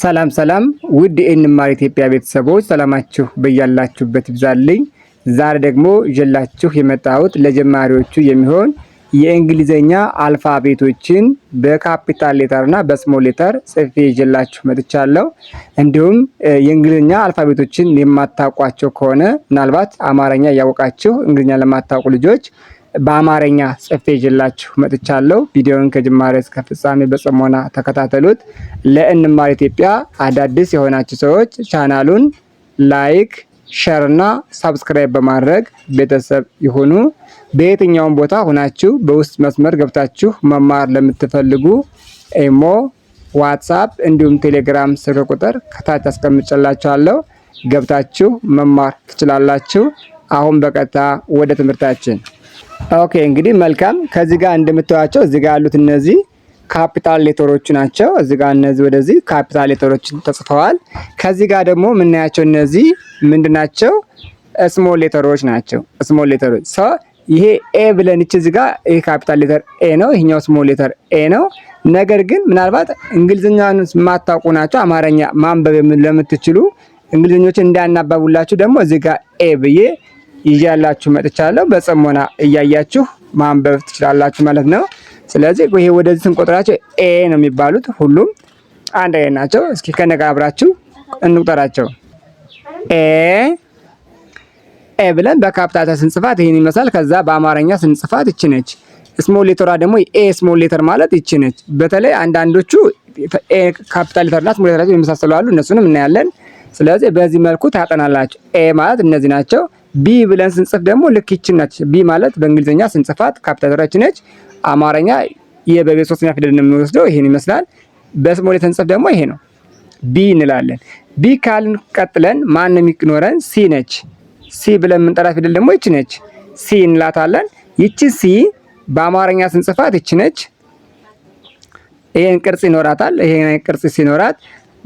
ሰላም ሰላም ውድ የእንማር ኢትዮጵያ ቤተሰቦች ሰላማችሁ በያላችሁበት ይብዛልኝ። ዛሬ ደግሞ ይዤላችሁ የመጣሁት ለጀማሪዎቹ የሚሆን የእንግሊዝኛ አልፋቤቶችን በካፒታል ሌተርና በስሞል ሌተር ጽፌ ይዤላችሁ መጥቻለሁ። እንዲሁም የእንግሊዝኛ አልፋቤቶችን የማታውቋቸው ከሆነ ምናልባት አማርኛ እያወቃችሁ እንግሊዝኛ ለማታውቁ ልጆች በአማርኛ ጽፌ ይዤላችሁ መጥቻለሁ። ቪዲዮውን ከጅማሬ እስከ ፍጻሜ በጽሞና ተከታተሉት። ለእንማር ኢትዮጵያ አዳዲስ የሆናችሁ ሰዎች ቻናሉን ላይክ፣ ሸር እና ሳብስክራይብ በማድረግ ቤተሰብ ይሁኑ። በየትኛውም ቦታ ሆናችሁ በውስጥ መስመር ገብታችሁ መማር ለምትፈልጉ ኢሞ፣ ዋትሳፕ እንዲሁም ቴሌግራም ስልክ ቁጥር ከታች አስቀምጬላችኋለሁ። ገብታችሁ መማር ትችላላችሁ። አሁን በቀጥታ ወደ ትምህርታችን ኦኬ እንግዲህ መልካም። ከዚህ ጋር እንደምታዩቸው እዚህ ጋር ያሉት እነዚህ ካፒታል ሌተሮቹ ናቸው። እዚህ ጋር እነዚህ ወደዚህ ካፒታል ሌተሮች ተጽፈዋል። ከዚህ ጋር ደግሞ የምናያቸው እነዚህ ምንድናቸው? ስሞል ሌተሮች ናቸው። ስሞል ሌተሮች ይሄ ኤ ብለን ይች እዚህ ጋር ይሄ ካፒታል ሌተር ኤ ነው። ይሄኛው ስሞል ሌተር ኤ ነው። ነገር ግን ምናልባት እንግሊዝኛን የማታውቁ ናቸው አማርኛ ማንበብ ለምትችሉ እንግሊዝኞችን እንዳያናባቡላችሁ ደግሞ እዚህ ጋር ኤ ብዬ ይዤላችሁ መጥቻለሁ። በጽሞና እያያችሁ ማንበብ ትችላላችሁ ማለት ነው። ስለዚህ ይሄ ወደዚህ ስንቆጥራቸው ኤ ነው የሚባሉት። ሁሉም አንድ አይነት ናቸው። እስኪ ከነጋ አብራችሁ እንቁጠራቸው። ኤ ኤ ብለን በካፕታታ ስንጽፋት ይህን ይመስላል። ከዛ በአማርኛ ስንጽፋት ይቺ ነች። ስሞል ሌተሯ ደግሞ ኤ ስሞል ሌተር ማለት ይቺ ነች። በተለይ አንዳንዶቹ ኤ ካፒታል ሌተርና ስሞል ሌተራቸው የመሳሰሉ አሉ። እነሱንም እናያለን። ስለዚህ በዚህ መልኩ ታጠናላችሁ። ኤ ማለት እነዚህ ናቸው። ቢ ብለን ስንጽፍ ደግሞ ልክ ይችን ነች። ቢ ማለት በእንግሊዝኛ ስንጽፋት ካፒታተራችን ነች። አማርኛ የበቤት ሶስተኛ ፊደል ነው የምንወስደው። ይሄን ይመስላል። በስሞል የተንጽፍ ደግሞ ይሄ ነው ቢ እንላለን። ቢ ካልን ቀጥለን ማን የሚኖረን ሲ ነች። ሲ ብለን የምንጠራት ፊደል ደግሞ ይች ነች። ሲ እንላታለን። ይቺ ሲ በአማርኛ ስንጽፋት ይች ነች። ይሄን ቅርጽ ይኖራታል። ይሄን ቅርጽ ሲኖራት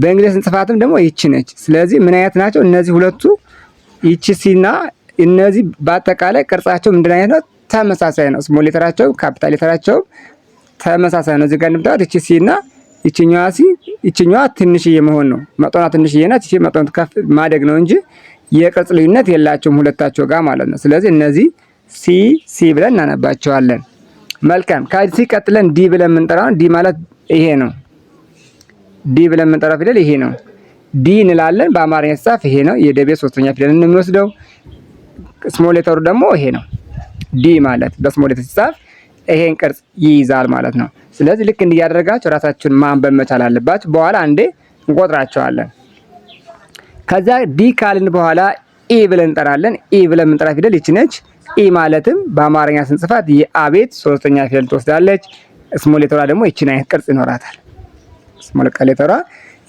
በእንግሊዝ ስንጽፋትም ደግሞ ይች ነች። ስለዚህ ምን አይነት ናቸው እነዚህ ሁለቱ? ሲና እነዚህ በአጠቃላይ ቅርጻቸው ምንድን አይነት ነው? ተመሳሳይ ነው። ስሞል ሌተራቸው ካፒታል ሌተራቸው ተመሳሳይ ነው። እዚህ ጋር እንደምታዩት ይቺ ሲና ይችኛዋ ሲ ይችኛዋ ትንሽዬ መሆን ነው። መጠኗ ትንሽዬ ናት። ይቺ መጠኗ ከፍ ማደግ ነው እንጂ የቅርጽ ልዩነት የላቸውም ሁለታቸው ጋር ማለት ነው። ስለዚህ እነዚህ ሲ ሲ ብለን እናነባቸዋለን። መልካም ከዚህ ቀጥለን ዲ ብለን የምንጠራው ዲ ማለት ይሄ ነው። ዲ ብለን የምንጠራው ፊደል ይሄ ነው። ዲ እንላለን። በአማርኛ ሲጻፍ ይሄ ነው። የደቤ ሶስተኛ ፊደል የምንወስደው። ስሞል ሌተሩ ደግሞ ይሄ ነው። ዲ ማለት በስሞል ሌተር ሲጻፍ ይሄን ቅርጽ ይይዛል ማለት ነው። ስለዚህ ልክ እንዲያደርጋቸው ራሳችሁን ማንበብ መቻል አለባችሁ። በኋላ አንዴ እንቆጥራቸዋለን። ከዛ ዲ ካልን በኋላ ኢ ብለን እንጠራለን። ኢ ብለን የምንጠራ ፊደል ይች ነች። ኢ ማለትም በአማርኛ ስንጽፋት የአቤት ሶስተኛ ፊደል ትወስዳለች። ስሞል ሌተሯ ደግሞ ይችን አይነት ቅርጽ ይኖራታል። ስሞል ሌተሯ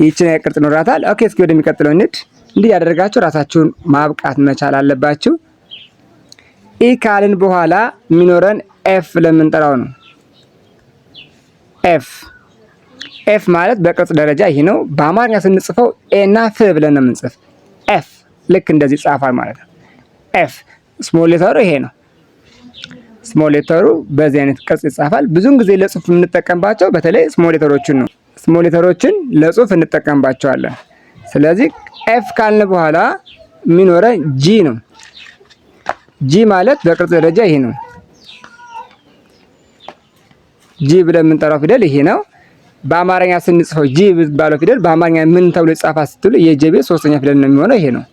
ይህችን ቅርጽ ኖራታል። ኦኬ፣ እስኪ ወደሚቀጥለው እንሂድ። እንዲህ ያደረጋችሁ ራሳችሁን ማብቃት መቻል አለባችሁ። ኢ ካልን በኋላ የሚኖረን ኤፍ ለምንጠራው ነው። ኤፍ ኤፍ ማለት በቅርጽ ደረጃ ይሄ ነው። በአማርኛ ስንጽፈው ኤና ፍ ብለን ነው የምንጽፍ። ኤፍ ልክ እንደዚህ ጻፋል ማለት ነው። ኤፍ ስሞል ሌተሩ ይሄ ነው። ስሞል ሌተሩ በዚህ አይነት ቅርጽ ይጻፋል። ብዙን ጊዜ ለጽሁፍ የምንጠቀምባቸው በተለይ ስሞል ሌተሮችን ነው። ሞኒተሮችን ለጽሁፍ እንጠቀምባቸዋለን። ስለዚህ ኤፍ ካልን በኋላ የሚኖረ ጂ ነው። ጂ ማለት በቅርጽ ደረጃ ይሄ ነው። ጂ ብለን የምንጠራው ፊደል ይሄ ነው። በአማርኛ ስንጽፈው ጂ ባለው ፊደል በአማርኛ ምን ተብሎ ይጻፋ ስትሉ የጀቤ ሶስተኛ ፊደል ነው የሚሆነው ይሄ ነው።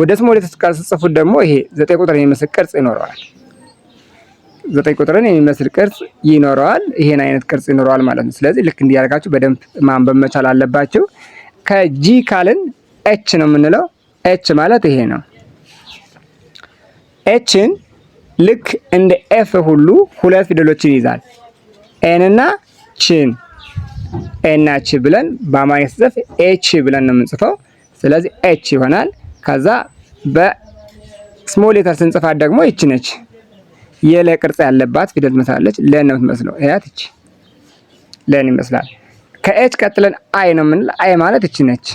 ወደ ስሞሌ ተስቃ ስጽፉት ደግሞ ይሄ ዘጠኝ ቁጥር የሚመስል ቅርጽ ይኖረዋል። ዘጠኝ ቁጥርን የሚመስል ቅርጽ ይኖረዋል። ይሄን አይነት ቅርጽ ይኖረዋል ማለት ነው። ስለዚህ ልክ እንዲያደርጋችሁ በደንብ ማንበብ መቻል አለባችሁ። ከጂ ካልን ኤች ነው የምንለው። ኤች ማለት ይሄ ነው። ኤችን ልክ እንደ ኤፍ ሁሉ ሁለት ፊደሎችን ይዛል። ኤንና ችን ኤና ች ብለን በአማርኛ ስጽፍ ኤች ብለን ነው የምንጽፈው። ስለዚህ ኤች ይሆናል። ከዛ በስሞል ሌተር ስንጽፋት ደግሞ ይች ነች። የለ ቅርጽ ያለባት ፊደል ትመስላለች። ለን ነው የምትመስለው። እያት እቺ ለን ይመስላል። ከኤች ቀጥለን አይ ነው የምንል። አይ ማለት እች ነች።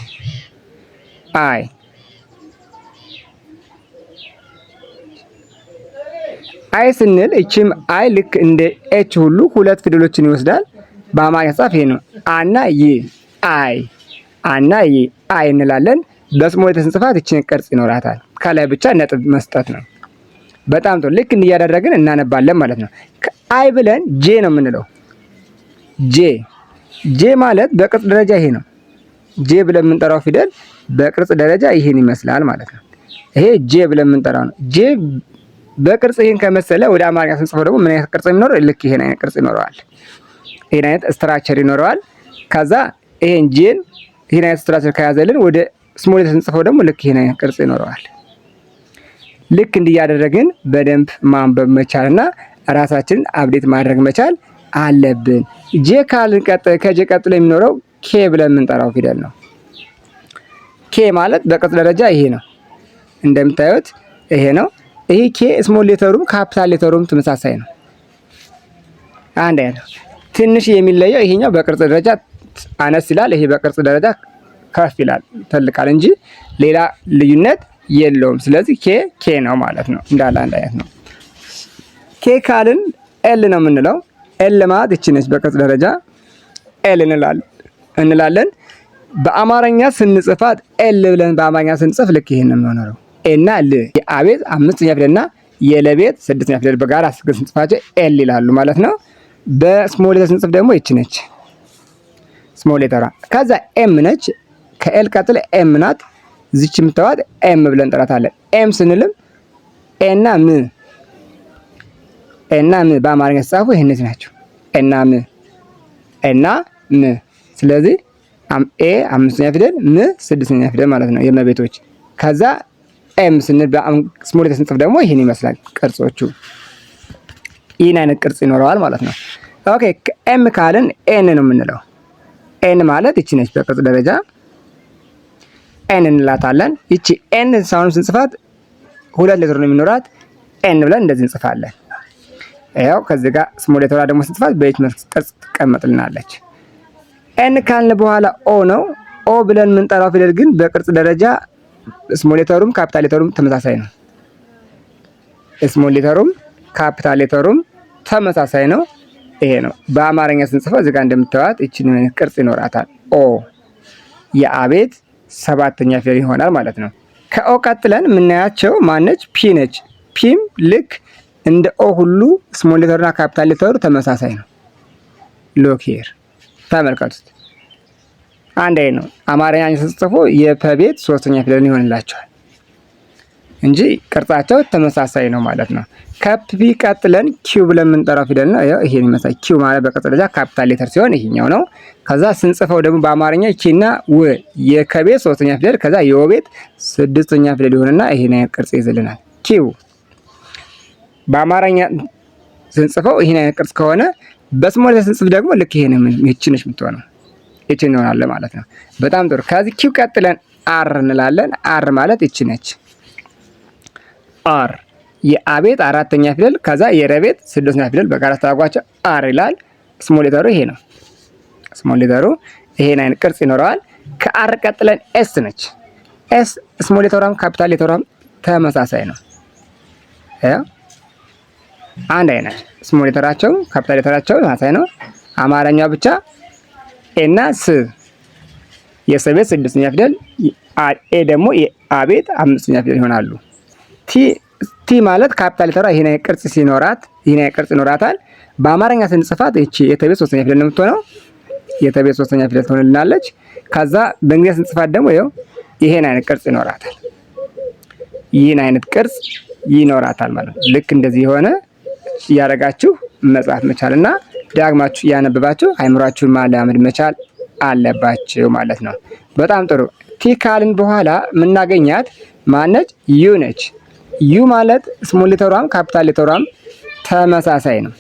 አይ አይ ስንል እችም አይ ልክ እንደ ኤች ሁሉ ሁለት ፊደሎችን ይወስዳል። በአማርኛ ጻፍ ይሄ ነው። አና ይ አይ አና ይ አይ እንላለን። በስሞ የተስንጽፋት እችን ቅርጽ ይኖራታል። ከላይ ብቻ ነጥብ መስጠት ነው። በጣም ጥሩ። ልክ እንዲያደረግን እናነባለን ማለት ነው። አይ ብለን ጄ ነው የምንለው። ጄ ጄ ማለት በቅርጽ ደረጃ ይሄ ነው። ጄ ብለን የምንጠራው ፊደል በቅርጽ ደረጃ ይሄን ይመስላል ማለት ነው። ይሄ ጄ ብለን የምንጠራው ነው። ጄ በቅርጽ ይሄን ከመሰለ ወደ አማርኛ ስንጽፈው ደግሞ ምን አይነት ቅርጽ የሚኖረው? ልክ ይሄን አይነት ቅርጽ ይኖረዋል። ይሄን አይነት ስትራክቸር ይኖረዋል። ከዛ ይሄን ጄን ይሄን አይነት ስትራክቸር ከያዘልን ወደ ስሞል ስንጽፈው ደግሞ ልክ ይሄን አይነት ቅርጽ ይኖረዋል። ልክ እንዲያደረግን በደንብ ማንበብ መቻልና ራሳችንን አብዴት ማድረግ መቻል አለብን። ጄ ካልን ከጄ ቀጥሎ የሚኖረው ኬ ብለን የምንጠራው ፊደል ነው። ኬ ማለት በቅጽ ደረጃ ይሄ ነው፣ እንደምታዩት ይሄ ነው። ይሄ ኬ ስሞል ሌተሩም ካፒታል ሌተሩም ተመሳሳይ ነው፣ አንድ አይነት ነው። ትንሽ የሚለየው ይሄኛው በቅርጽ ደረጃ አነስ ይላል፣ ይሄ በቅርጽ ደረጃ ከፍ ይላል፣ ተልቃል እንጂ ሌላ ልዩነት የለውም። ስለዚህ ኬ ኬ ነው ማለት ነው። እንዳለ አንድ አይነት ነው። ኬ ካልን ኤል ነው የምንለው። ኤል ማለት እቺ ነች። በቅጽ ደረጃ ኤል እንላለን። በአማርኛ ስንጽፋት ኤል ብለን በአማርኛ ስንጽፍ ልክ ይሄን ነው የምንሆነው። ኤና ል የአቤት አምስተኛ ፊደልና የለቤት ስድስተኛ ፊደል በጋራ ስግን ስንጽፋቸው ኤል ይላሉ ማለት ነው። በስሞል ሌተር ስንጽፍ ደግሞ ይቺ ነች ስሞል ሌተሯ። ከዛ ኤም ነች። ከኤል ቀጥል ኤም ናት። እዚች የምታዋት ኤም ብለን እንጠራታለን። ኤም ስንልም ኤና ም ኤና ም በአማርኛ ተጻፉ ይህነት ናቸው። ኤና ም ኤና ም። ስለዚህ ኤ አምስተኛ ፊደል ም ስድስተኛ ፊደል ማለት ነው የመቤቶች። ከዛ ኤም ስንል ስሞል ስንጽፍ ደግሞ ይህን ይመስላል ቅርጾቹ። ይህን አይነት ቅርጽ ይኖረዋል ማለት ነው። ኦኬ ኤም ካልን ኤን ነው የምንለው። ኤን ማለት ይቺ ነች በቅርጽ ደረጃ ኤን እንላታለን። ይቺ ኤን ሳውንድ ስንጽፋት ሁለት ሌትር ነው የሚኖራት። ኤን ብለን እንደዚህ እንጽፋለን። ያው ከዚህ ጋር ስሞል ሌተሯ ደግሞ ስንጽፋት በኤች መልክ ቅርጽ ትቀመጥልናለች። ኤን ካልን በኋላ ኦ ነው። ኦ ብለን የምንጠራው ፊደል ግን በቅርጽ ደረጃ ስሞል ሌተሩም ካፒታል ሌተሩም ተመሳሳይ ነው። ስሞል ሌተሩም ካፒታል ሌተሩም ተመሳሳይ ነው። ይሄ ነው በአማርኛ ስንጽፈው እዚጋ እንደምታዩት ይችን ቅርጽ ይኖራታል። ኦ የአቤት ሰባተኛ ፊደል ይሆናል ማለት ነው። ከኦ ቀጥለን የምናያቸው ማነች? ፒ ነች። ፒም ልክ እንደ ኦ ሁሉ ስሞል ሌተሩና ካፒታል ሌተሩ ተመሳሳይ ነው። ሎኬር ተመልከቱት፣ አንድ አይነት ነው። አማርኛ ተጽፎ የፐቤት ሶስተኛ ፊደልን ይሆንላቸዋል። እንጂ ቅርጻቸው ተመሳሳይ ነው ማለት ነው። ከፕ ቢ ቀጥለን ኪው ብለን ምንጠራው ፊደል ነው። ይሄን ይመስላል። ኪው ማለት በቅርጽ ደረጃ ካፒታል ሌተር ሲሆን ይሄኛው ነው። ከዛ ስንጽፈው ደግሞ በአማርኛ ኪና ው የከቤት ሶስተኛ ፊደል ከዛ የወቤት ስድስተኛ ፊደል ይሆንና ይሄን አይነት ቅርጽ ይዝልናል። ኪው በአማርኛ ስንጽፈው ይሄን አይነት ቅርጽ ከሆነ በስሞል ስንጽፍ ደግሞ ልክ ይሄን ይችነሽ የምትሆነው ይችን ይሆናል ማለት ነው። በጣም ጥሩ። ከዚህ ኪው ቀጥለን አር እንላለን። አር ማለት ይች ነች። አር የአቤት አራተኛ ፊደል ከዛ የረቤት ስድስተኛ ፊደል በጋራ ተዋጓቸው አር ይላል። ስሞል ሌተሩ ይሄ ነው። ስሞል ሌተሩ ይሄን አይነት ቅርጽ ይኖረዋል። ከአር ቀጥለን ኤስ ነች። ኤስ ስሞል ሌተሯም ካፒታል ሌተሯም ተመሳሳይ ነው። አንድ አይነት ስሞል ሌተራቸው ካፒታል ሌተራቸው ተመሳሳይ ነው። አማርኛ ብቻ ኤና ስ የሰቤት ስድስተኛ ፊደል ኤ ደግሞ የአቤት አምስተኛ ፊደል ይሆናሉ። ቲ ቲ ማለት ካፒታል ሌተሯ ይሄን ቅርጽ ሲኖራት ይሄን ቅርጽ ይኖራታል። በአማርኛ ስንጽፋት እቺ የተቤት ሶስተኛ ፊደል ነው የምትሆነው። የተቤት ሶስተኛ ፊደል ትሆንልናለች። ከዛ በእንግሊዝ ስንጽፋት ደግሞ ይኸው ይሄን አይነት ቅርጽ ይኖራታል። ይህን አይነት ቅርጽ ይኖራታል ማለት ነው። ልክ እንደዚህ የሆነ እያደረጋችሁ መጽሐፍ መቻል እና ዳግማችሁ እያነበባችሁ አይምሯችሁን ማለማመድ መቻል አለባችሁ ማለት ነው። በጣም ጥሩ ቲ ካልን በኋላ የምናገኛት ማነች? ዩ ነች። ዩ ማለት ስሞል ሌተሯም ካፒታል ሌተሯም ተመሳሳይ ነው።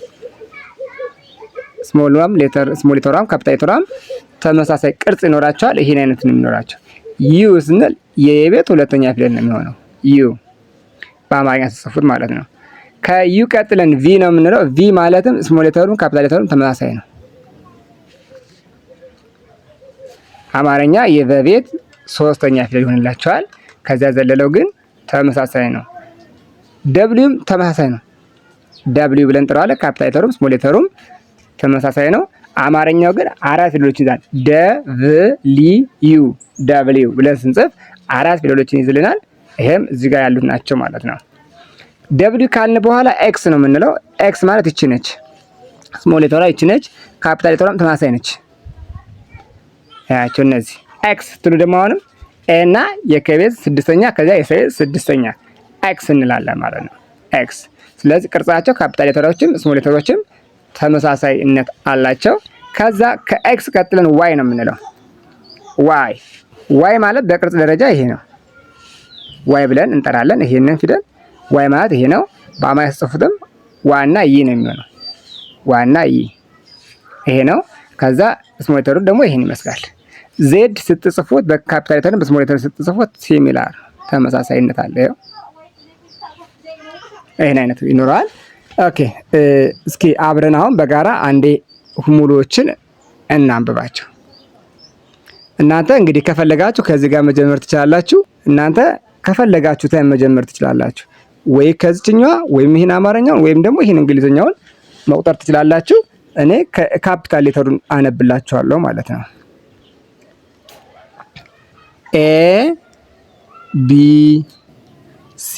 ስሞልም ሌተር ስሞል ሌተሯም ካፒታል ሌተሯም ተመሳሳይ ቅርጽ ይኖራቸዋል። ይሄን አይነት ነው የሚኖራቸው። ዩ ስንል የቤት ሁለተኛ ፊደል ነው የሚሆነው ዩ በአማርኛ ተጽፉት ማለት ነው። ከዩ ቀጥለን ቪ ነው የምንለው። ቪ ማለትም ስሞል ሌተሩም ካፒታል ሌተሩም ተመሳሳይ ነው። አማርኛ የበቤት ሶስተኛ ፊደል ይሆንላቸዋል። ከዚያ ዘለለው ግን ተመሳሳይ ነው። ደብሊውም ተመሳሳይ ነው። ደብሊው ብለን ጥረዋለን። ካፒታል ስሞሌተሩም ተመሳሳይ ነው። አማርኛው ግን አራት ፊደሎች ይዛል። ደብሊዩ ደብሊው ብለን ስንጽፍ አራት ፊደሎችን ይዝልናል። ይሄም እዚህ ጋር ያሉት ናቸው ማለት ነው። ደብሊው ካልን በኋላ ኤክስ ነው የምንለው። ኤክስ ማለት ይቺ ነች፣ ስሞል ሌተሯ ይቺ ነች፣ ካፒታል ተመሳሳይ ነች። ያቸው እነዚህ ኤክስ ትሉ ደግሞ አሁንም ኤ እና የከቤዝ ስድስተኛ ከዚያ የሰቤዝ ስድስተኛ ኤክስ እንላለን ማለት ነው። ኤክስ ስለዚህ ቅርጻቸው ካፒታል ሌተሮችም ስሞል ሌተሮችም ተመሳሳይነት አላቸው። ከዛ ከኤክስ ቀጥለን ዋይ ነው የምንለው። ዋይ ዋይ ማለት በቅርጽ ደረጃ ይሄ ነው። ዋይ ብለን እንጠራለን። ይሄንን ፊደል ዋይ ማለት ይሄ ነው። በአማርኛ ጽፉትም ዋና ይ ነው የሚሆነው። ዋና ይ ይሄ ነው። ከዛ ስሞል ሌተሩ ደግሞ ይሄን ይመስላል። ዜድ ስትጽፉት በካፒታል ሌተር በስሞል ሌተር ስትጽፉት ሲሚላር ተመሳሳይነት አለ። ይህን አይነቱ ይኖረዋል። ኦኬ እስኪ አብረን አሁን በጋራ አንዴ ሙሉዎችን እናንብባቸው። እናንተ እንግዲህ ከፈለጋችሁ ከዚህ ጋር መጀመር ትችላላችሁ። እናንተ ከፈለጋችሁ ታይም መጀመር ትችላላችሁ። ወይ ከዚችኛዋ ወይም ይህን አማርኛውን ወይም ደግሞ ይህን እንግሊዝኛውን መቁጠር ትችላላችሁ። እኔ ካፒታል ሌተሩን አነብላችኋለሁ ማለት ነው። ኤ ቢ ሲ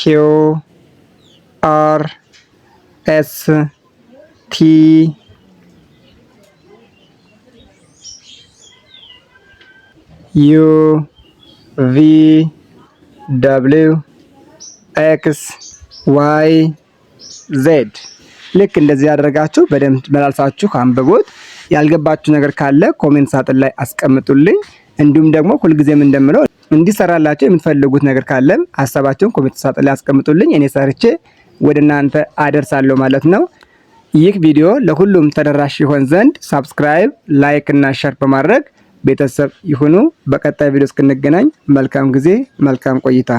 ኪው አር ኤስ ቲ ዩ ቪ ደብሊው ኤክስ ዋይ ዜድ። ልክ እንደዚህ ያደረጋችሁ በደንብ መላልሳችሁ አንብቡት። ያልገባችሁ ነገር ካለ ኮሜንት ሳጥን ላይ አስቀምጡልኝ። እንዲሁም ደግሞ ሁልጊዜም እንደምለው እንዲሰራላቸው የምትፈልጉት ነገር ካለም ሀሳባቸውን ኮሜንት ሳጥን ላይ አስቀምጡልኝ። እኔ ሰርቼ ወደ እናንተ አደርሳለሁ ማለት ነው። ይህ ቪዲዮ ለሁሉም ተደራሽ ይሆን ዘንድ ሳብስክራይብ፣ ላይክ እና ሸር በማድረግ ቤተሰብ ይሁኑ። በቀጣይ ቪዲዮ እስክንገናኝ መልካም ጊዜ፣ መልካም ቆይታ